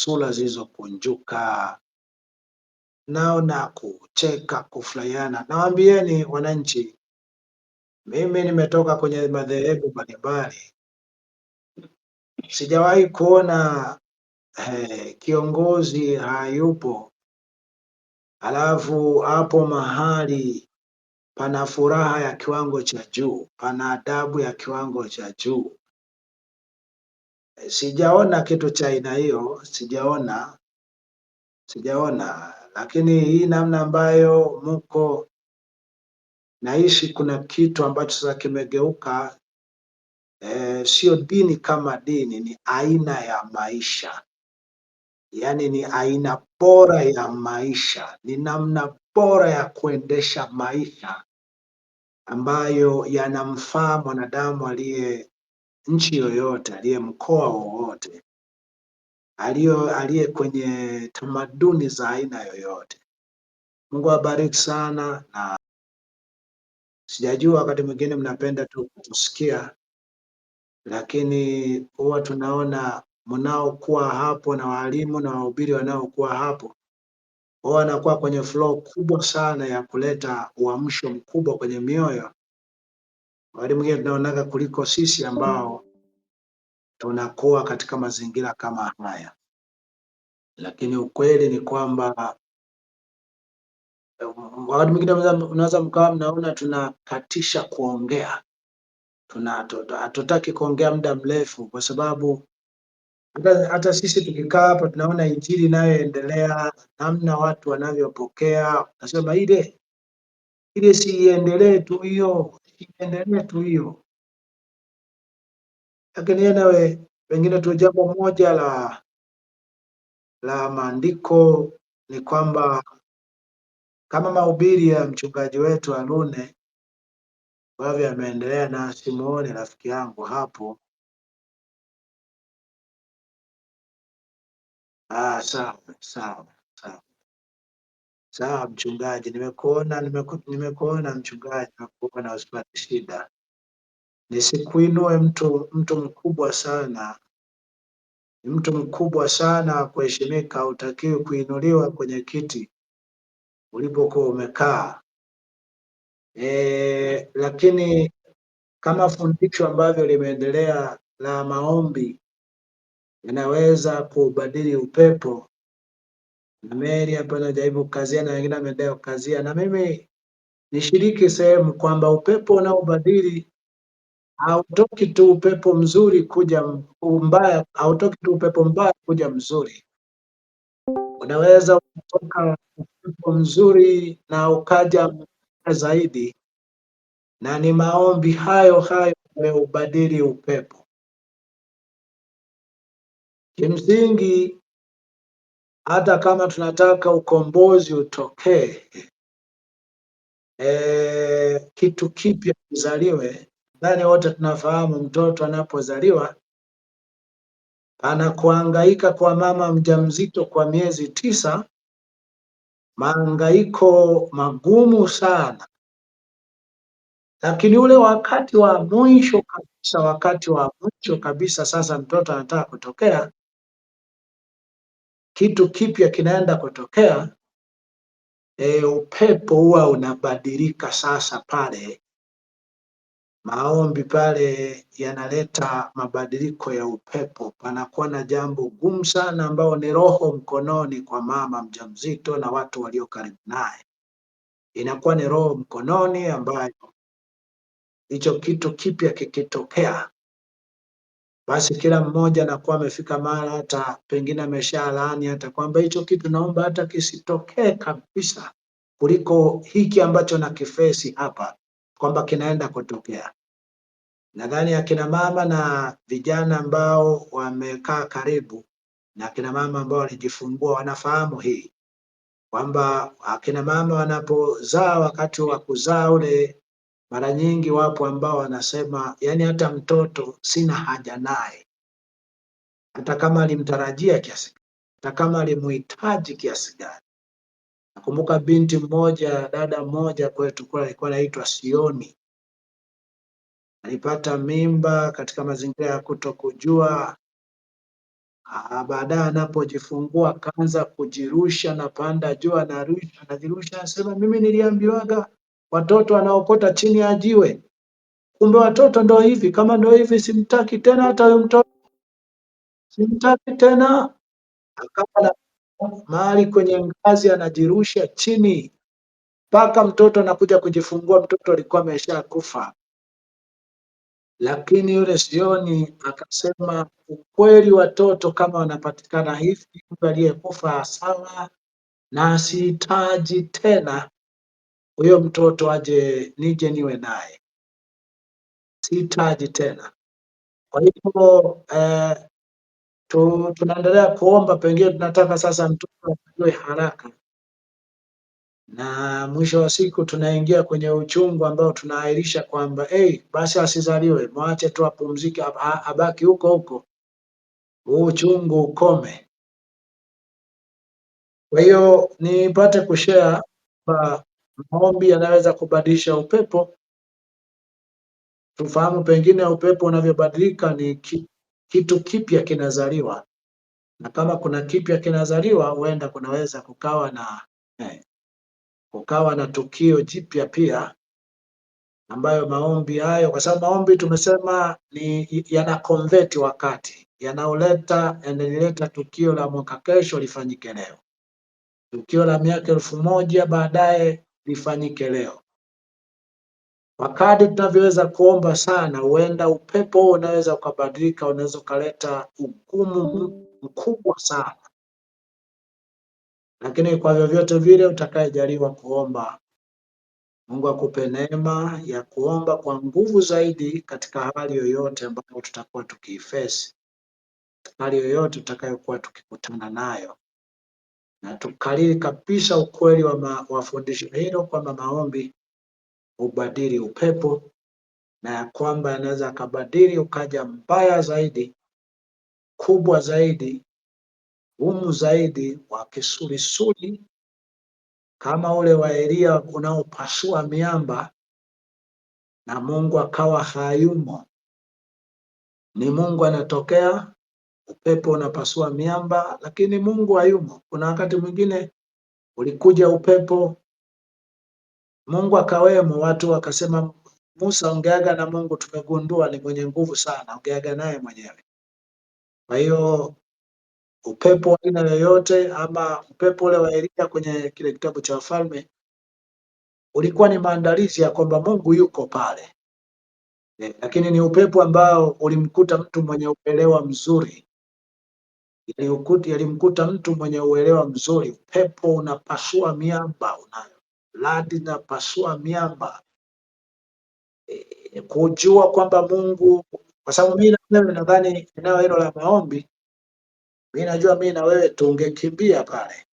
sura zilizokunjuka. Naona kucheka, kufurahiana. Nawaambieni wananchi, mimi nimetoka kwenye madhehebu mbalimbali, sijawahi kuona eh, kiongozi hayupo alafu hapo mahali pana furaha ya kiwango cha juu, pana adabu ya kiwango cha juu. Sijaona kitu cha aina hiyo, sijaona, sijaona, lakini hii namna ambayo mko naishi, kuna kitu ambacho sasa kimegeuka, e, sio dini kama dini, ni aina ya maisha, yaani ni aina bora ya maisha, ni namna bora ya kuendesha maisha ambayo yanamfaa mwanadamu aliye nchi yoyote aliye mkoa wowote aliye kwenye tamaduni za aina yoyote. Mungu awabariki sana, na sijajua wakati mwingine mnapenda tu kutusikia, lakini huwa tunaona mnaokuwa hapo na walimu na wahubiri wanaokuwa hapo wanakuwa kwenye flow kubwa sana ya kuleta uamsho mkubwa kwenye mioyo walimu mwingine tunaonaga kuliko sisi ambao tunakuwa katika mazingira kama haya, lakini ukweli ni kwamba wakati mwingine unaweza mkawa mnaona tunakatisha kuongea, hatutaki kuongea muda mrefu, kwa sababu hata, sisi tukikaa hapa tunaona injili inayoendelea, namna watu wanavyopokea, nasema ile ile siiendelee tu hiyo, iendelee tu hiyo, lakini enewe pengine tu jambo moja la la maandiko ni kwamba kama mahubiri ya mchungaji wetu Alune ambavyo ameendelea na simuone rafiki yangu hapo. Ah, sawa sawa sawa. Sawa mchungaji, nimekuona nimekuona mchungaji, nimekuona usipate shida, nisikuinue mtu mtu mkubwa sana, ni mtu mkubwa sana wa kuheshimika, utakiwe kuinuliwa kwenye kiti ulipokuwa umekaa. E, lakini kama fundisho ambavyo limeendelea la maombi yanaweza kuubadili upepo Mary hapa anajaribu kazia na wengine wameendelea kukazia, na mimi nishiriki sehemu kwamba upepo unaobadili hautoki tu upepo mzuri kuja mbaya, hautoki tu upepo mbaya kuja mzuri. Unaweza kutoka upepo mzuri na ukaja mbaya zaidi, na ni maombi hayo hayo yameubadili upepo. Kimsingi hata kama tunataka ukombozi utokee, e, kitu kipya kizaliwe. ndani wote tunafahamu mtoto anapozaliwa kuangaika kwa mama mjamzito kwa miezi tisa, maangaiko magumu sana, lakini ule wakati wa mwisho kabisa, wakati wa mwisho kabisa, sasa mtoto anataka kutokea kitu kipya kinaenda kutokea e, upepo huwa unabadilika sasa pale. Maombi pale yanaleta mabadiliko ya upepo, panakuwa na jambo gumu sana ambao ni roho mkononi kwa mama mjamzito na watu walio karibu naye, inakuwa ni roho mkononi ambayo hicho kitu kipya kikitokea basi kila mmoja anakuwa amefika mahali hata pengine ameshalaani hata kwamba hicho kitu naomba hata kisitokee kabisa, kuliko hiki ambacho na kifesi hapa kwamba kinaenda kutokea. Nadhani akina mama na vijana ambao wamekaa karibu na akina mama ambao walijifungua wanafahamu hii kwamba akina mama wanapozaa, wakati wa kuzaa ule mara nyingi wapo ambao wanasema yani, hata mtoto sina haja naye, hata kama alimtarajia kiasi hata kama alimuhitaji kiasi gani. Nakumbuka binti mmoja, dada mmoja kwetu kule, alikuwa anaitwa Sioni, alipata mimba katika mazingira ya kutokujua. Baadaye anapojifungua akaanza kujirusha na panda juu, anarusha anajirusha, anasema mimi niliambiwaga watoto wanaokota chini ya jiwe. Kumbe watoto ndo hivi. Kama ndo hivi, simtaki tena hata huyo mtoto, simtaki tena. Akawa mahali kwenye ngazi anajirusha chini mpaka mtoto anakuja kujifungua, mtoto alikuwa ameshakufa. Lakini yule sioni akasema, ukweli watoto kama wanapatikana hivi, mtu aliyekufa sawa na asihitaji tena huyo mtoto aje, nije niwe naye, sihitaji tena. Kwa hivyo eh, tu, tunaendelea kuomba, pengine tunataka sasa mtoto ajue haraka, na mwisho wa siku tunaingia kwenye uchungu ambao tunaahirisha kwamba hey, basi asizaliwe, mwache tu apumzike, abaki huko huko, huu uchungu ukome. Kwa hiyo nipate kushare ah, Maombi yanaweza kubadilisha upepo. Tufahamu pengine upepo unavyobadilika ni ki, kitu kipya kinazaliwa, na kama kuna kipya kinazaliwa, huenda kunaweza kukawa na eh, kukawa na tukio jipya pia ambayo maombi hayo, kwa sababu maombi tumesema ni yana convert wakati yanaoleta yanalileta tukio la mwaka kesho lifanyike leo, tukio la miaka elfu moja baadaye lifanyike leo. Kwa kadri tunavyoweza kuomba sana, huenda upepo huo unaweza ukabadilika, unaweza ukaleta hukumu mkubwa sana, lakini kwa vyovyote vile utakayejaliwa kuomba, Mungu akupe neema ya kuomba kwa nguvu zaidi katika hali yoyote ambayo tutakuwa tukiifesi, hali yoyote tutakayokuwa tukikutana nayo na tukariri kabisa ukweli wa, ma, wa fundisho hilo kwamba maombi hubadili upepo na ya kwamba anaweza akabadili ukaja mbaya zaidi, kubwa zaidi, gumu zaidi, wa kisulisuli kama ule wa Elia unaopasua miamba na Mungu akawa hayumo, ni Mungu anatokea upepo unapasua miamba, lakini Mungu hayumo. Kuna wakati mwingine ulikuja upepo, Mungu akawemo, watu wakasema, Musa, ongeaga na Mungu, tumegundua ni mwenye nguvu sana, ongeaga naye mwenyewe. Kwa hiyo upepo wa aina yoyote ama upepo ule wa Elia kwenye kile kitabu cha Wafalme ulikuwa ni maandalizi ya kwamba Mungu yuko pale. Eh, lakini ni upepo ambao ulimkuta mtu mwenye uelewa mzuri Yalimkuta mtu mwenye uelewa mzuri, upepo unapasua miamba, unayo radi inapasua miamba, e, kujua kwamba Mungu, kwa sababu mimi na wewe nadhani eneo hilo la maombi, mimi najua mimi na wewe tungekimbia pale,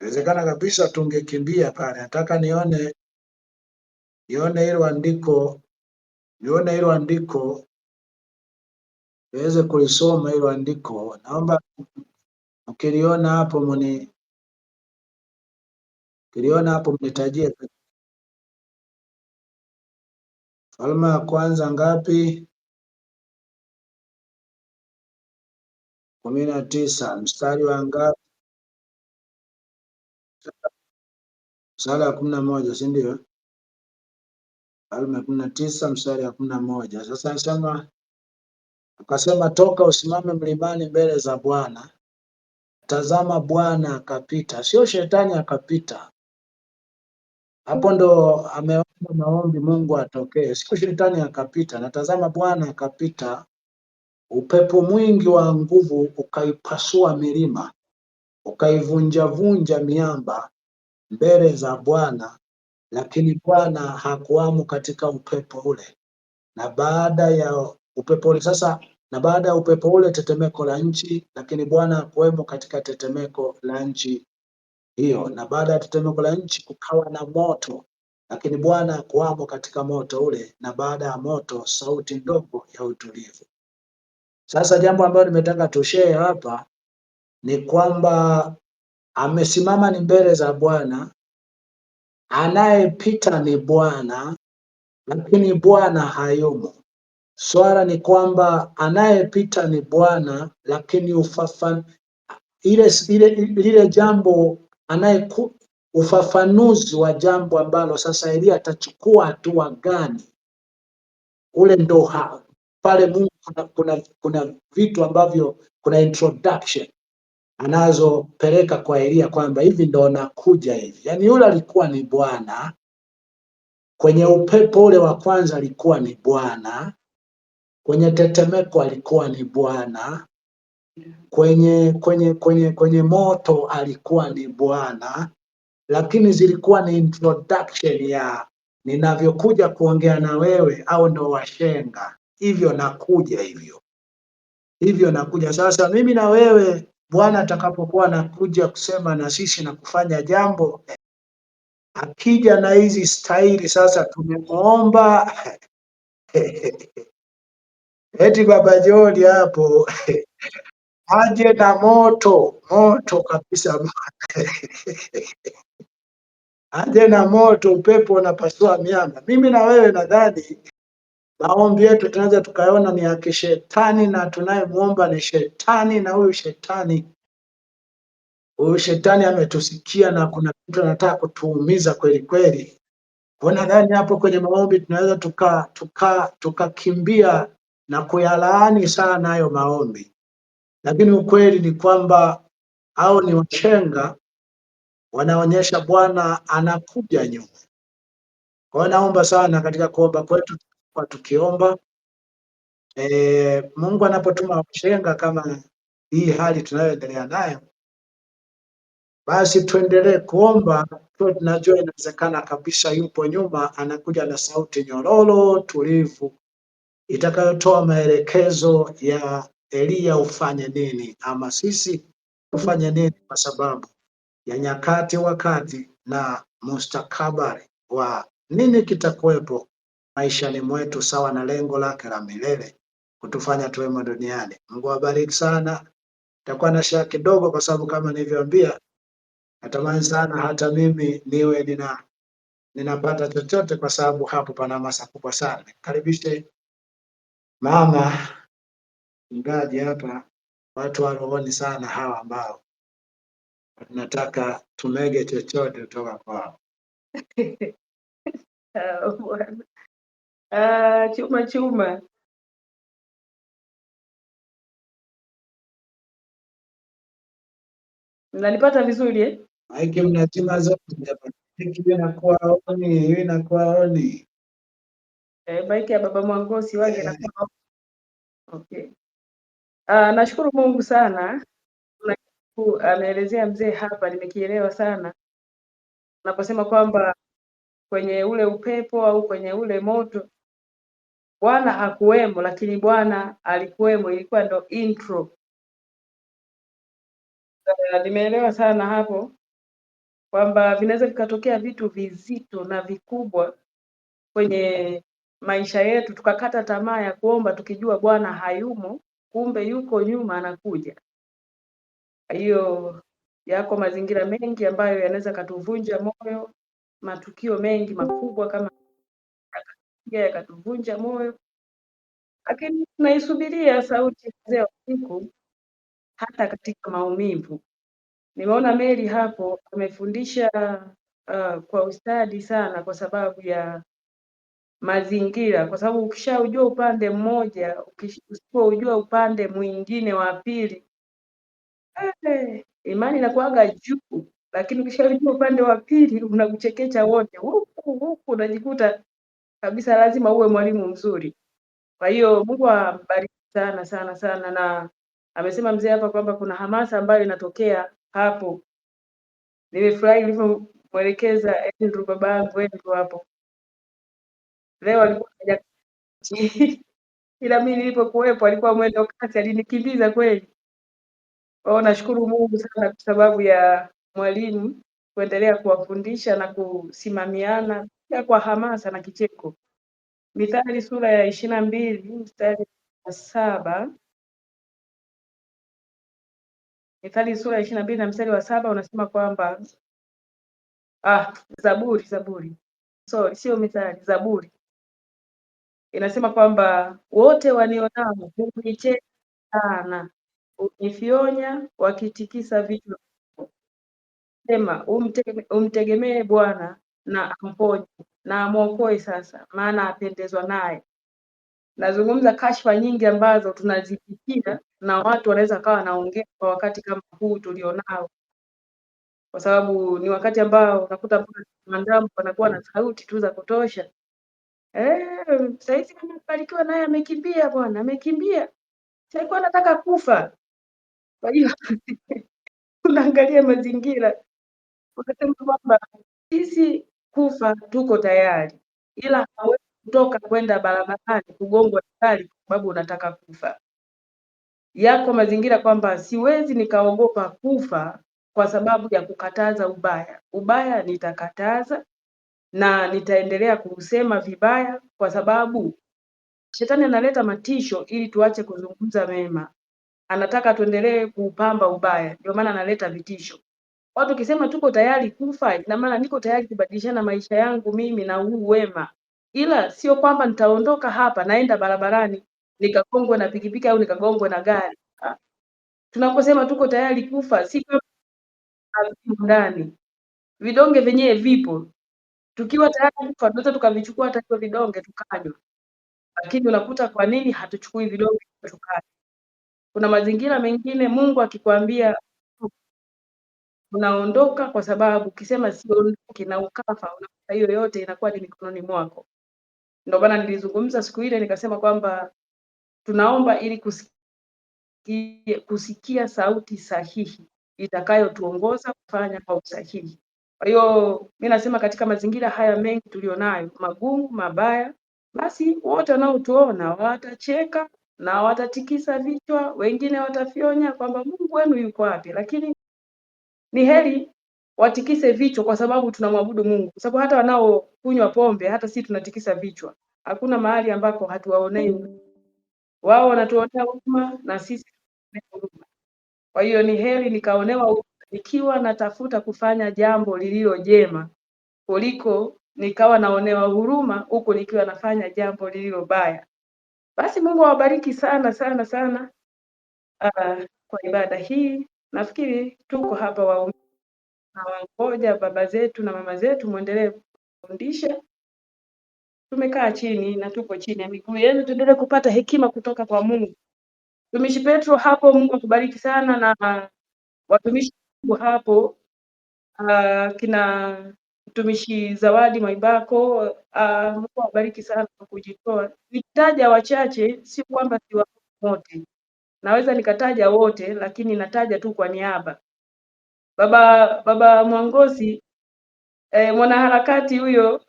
inawezekana kabisa tungekimbia pale. Nataka nione nione hilo andiko, nione hilo andiko tuweze kulisoma hilo andiko. Naomba ukiliona hapo mni ukiliona hapo mnitajie. Falma ya kwanza ngapi? kumi na tisa mstari wa ngapi? mstari wa kumi na moja si ndio? Falma ya kumi na tisa mstari wa kumi na moja Sasa nasema Akasema, toka usimame mlimani mbele za Bwana. Tazama, Bwana akapita, sio shetani akapita. Hapo ndo ameomba maombi Mungu atokee, sio shetani akapita. natazama Bwana akapita, upepo mwingi wa nguvu ukaipasua milima, ukaivunjavunja miamba mbele za Bwana, lakini Bwana hakuamu katika upepo ule. Na baada ya upepo ule sasa na baada ya upepo ule tetemeko la nchi, lakini Bwana kuwemo katika tetemeko la nchi hiyo, na baada ya tetemeko la nchi kukawa na moto, lakini Bwana kuwamo katika moto ule, na baada ya moto sauti ndogo ya utulivu. Sasa jambo ambalo nimetaka tushare hapa ni kwamba amesimama ni mbele za Bwana, anayepita ni Bwana, lakini Bwana hayumo Swala ni kwamba anayepita ni Bwana, lakini ufafan... ile, ile, lile jambo anayeku, ufafanuzi wa jambo ambalo sasa Elia atachukua hatua gani, ule ndo pale Mungu kuna, kuna, kuna vitu ambavyo kuna introduction anazopeleka kwa Elia kwamba hivi ndo nakuja hivi. Yaani yule alikuwa ni Bwana kwenye upepo ule wa kwanza, alikuwa ni Bwana Kwenye tetemeko alikuwa ni Bwana, kwenye kwenye kwenye kwenye moto alikuwa ni Bwana, lakini zilikuwa ni introduction ya ninavyokuja kuongea na wewe, au ndo washenga hivyo, nakuja hivyo hivyo, nakuja sasa. Mimi na wewe Bwana atakapokuwa anakuja kusema na sisi na kufanya jambo, akija na hizi staili sasa, tumemuomba Eti Baba Joli hapo aje na moto moto kabisa aje na moto, upepo unapasua miamba. Mimi na wewe nadhani maombi yetu tunaweza tukaona ni ya kishetani, na tunayemwomba ni shetani, na huyu shetani huyu shetani ametusikia na kuna mtu anataka kutuumiza kweli kweli. Kwa nadhani hapo kwenye maombi tunaweza tuka tuka tukakimbia na kuyalaani sana hayo maombi, lakini ukweli ni kwamba hao ni wachenga, wanaonyesha Bwana anakuja nyuma. Kwa hiyo naomba sana katika kuomba kwetu kwa tukiomba e, Mungu anapotuma wachenga kama hii hali tunayoendelea nayo, basi tuendelee kuomba, tuwe tunajua inawezekana kabisa yupo nyuma, anakuja na sauti nyororo, tulivu itakayotoa maelekezo ya Eliya ufanye nini ama sisi ufanye nini, kwa sababu ya nyakati, wakati na mustakabali wa nini kitakuwepo maishani mwetu, sawa na lengo lake la milele kutufanya tuwemo duniani. Mungu awabariki sana. Nitakuwa na shaka kidogo, kwa sababu kama nilivyoambia, natamani sana hata mimi niwe nina ninapata chochote, kwa sababu hapo pana hamasa kubwa sana. Nikaribishe Mama mchungaji hapa, watu warohoni sana hawa ambao tunataka tumege chochote kutoka kwao. Oh, ah, chuma chuma. Mnanipata vizuri eh? Maiki mnachuma zote hiki inakuwa oni, hiyo inakuwa oni. Eh, maiki ya baba Mwangosi wage eh. na okay. Ah, nashukuru Mungu sana Kuna kitu anaelezea ah, mzee hapa, nimekielewa sana naposema kwamba kwenye ule upepo au kwenye ule moto Bwana hakuwemo, lakini Bwana alikuwemo. Ilikuwa ndo intro. Ah, nimeelewa sana hapo kwamba vinaweza vikatokea vitu vizito na vikubwa kwenye maisha yetu, tukakata tamaa ya kuomba tukijua Bwana hayumo, kumbe yuko nyuma anakuja. Hiyo yako mazingira mengi ambayo yanaweza katuvunja moyo, matukio mengi makubwa kama yakatuvunja moyo, lakini tunaisubiria sauti ya mzee wa siku hata katika maumivu. Nimeona Mary hapo amefundisha uh, kwa ustadi sana, kwa sababu ya mazingira, kwa sababu ukishaujua upande mmoja, usipoujua upande mwingine wa pili eh, imani inakuaga juu, lakini ukishaujua upande wa pili unakuchekecha wote huku huku, unajikuta kabisa lazima uwe mwalimu mzuri. Kwa hiyo Mungu ambariki sana sana sana, na amesema mzee hapa kwamba kuna hamasa ambayo inatokea hapo. Nimefurahi ilivyomwelekeza Andrew, babangu Andrew hapo leo alikuwa ila mimi nilipokuwepo alikuwa mwendo kasi, alinikimbiza kweli. Kwao nashukuru Mungu sana kwa sababu ya mwalimu kuendelea kuwafundisha na kusimamiana pia kwa hamasa na kicheko. Mithali sura ya ishirini na mbili mstari wa saba Mithali sura ya ishirini na mbili na mstari wa saba unasema kwamba ah, Zaburi, Zaburi sorry, sio Mithali, Zaburi inasema kwamba wote wanionao hunicheka sana, hunifyonya wakitikisa vichwa. Sema umtegemee umtege Bwana na amponye na amwokoe sasa, maana apendezwa naye. Nazungumza kashfa nyingi ambazo tunazipitia na watu wanaweza kawa wanaongea kwa wakati kama huu tulionao, kwa sababu ni wakati ambao unakuta mpaka wanakuwa na sauti tu za kutosha Eh, saizi kama naye amekimbia bwana, amekimbia. saikuwa anataka kufa. Kwa hiyo unaangalia mazingira, unasema kwamba sisi kufa tuko tayari, ila hawezi kutoka kwenda barabarani kugongwa na gari kwa sababu unataka kufa. Yako mazingira kwamba siwezi nikaogopa kufa kwa sababu ya kukataza ubaya. Ubaya nitakataza, na nitaendelea kusema vibaya, kwa sababu shetani analeta matisho ili tuache kuzungumza mema, anataka tuendelee kuupamba ubaya, ndio maana analeta vitisho. Watu kisema tuko tayari kufa, na maana niko tayari kubadilishana maisha yangu mimi na huu wema, ila sio kwamba nitaondoka hapa naenda barabarani nikagongwe na pikipiki au nikagongwe na gari. Tunaposema tuko tayari kufa, si ndani vidonge vyenyewe vipo, Tukiwa tayari kufa tunaweza tukavichukua hata hivyo vidonge tukanywa, lakini unakuta kwa nini hatuchukui vidonge tukanywa? Kuna mazingira mengine Mungu akikwambia unaondoka, kwa sababu ukisema siondoki na ukafa, unakuta hiyo yote inakuwa ni mikononi mwako. Ndio maana nilizungumza siku ile nikasema kwamba tunaomba ili kusikia, kusikia sauti sahihi itakayotuongoza kufanya kwa usahihi. Kwa hiyo mi nasema katika mazingira haya mengi tulionayo magumu mabaya, basi wote wanaotuona watacheka na watatikisa vichwa, wengine watafyonya kwamba Mungu wenu yuko wapi, lakini ni heri watikise vichwa kwa sababu tunamwabudu Mungu, kwa sababu hata wanaokunywa pombe, hata sisi tunatikisa vichwa. Hakuna mahali ambako hatuwaonei, wao wanatuonea huruma na sisi tunaonea huruma. Kwa hiyo ni heri nikaonewa huruma nikiwa natafuta kufanya jambo lililo jema kuliko nikawa naonewa huruma huku nikiwa nafanya jambo lililo baya. Basi Mungu awabariki sana sana sana uh, kwa ibada hii. Nafikiri tuko hapa wa na baba zetu na mama zetu, mwendelee kufundisha. Tumekaa chini na tuko chini ya miguu yenu, tuendelee kupata hekima kutoka kwa Mungu. Mtumishi Petro hapo, Mungu akubariki sana na watumishi hapo uh, kina mtumishi Zawadi Maibako uh, ah, Mungu awabariki sana kwa kujitoa. Nitaja wachache, sio kwamba si wote, naweza nikataja wote, lakini nataja tu kwa niaba. Baba baba Mwangosi eh, mwanaharakati huyo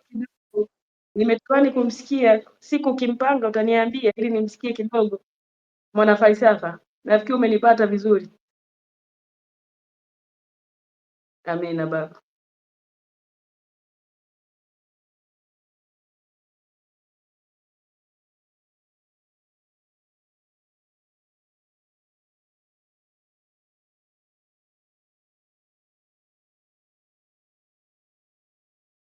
nimetamani kumsikia, siku kimpanga utaniambia ili nimsikie kidogo, falsafa, Nafikiri umenipata vizuri. Amina Baba.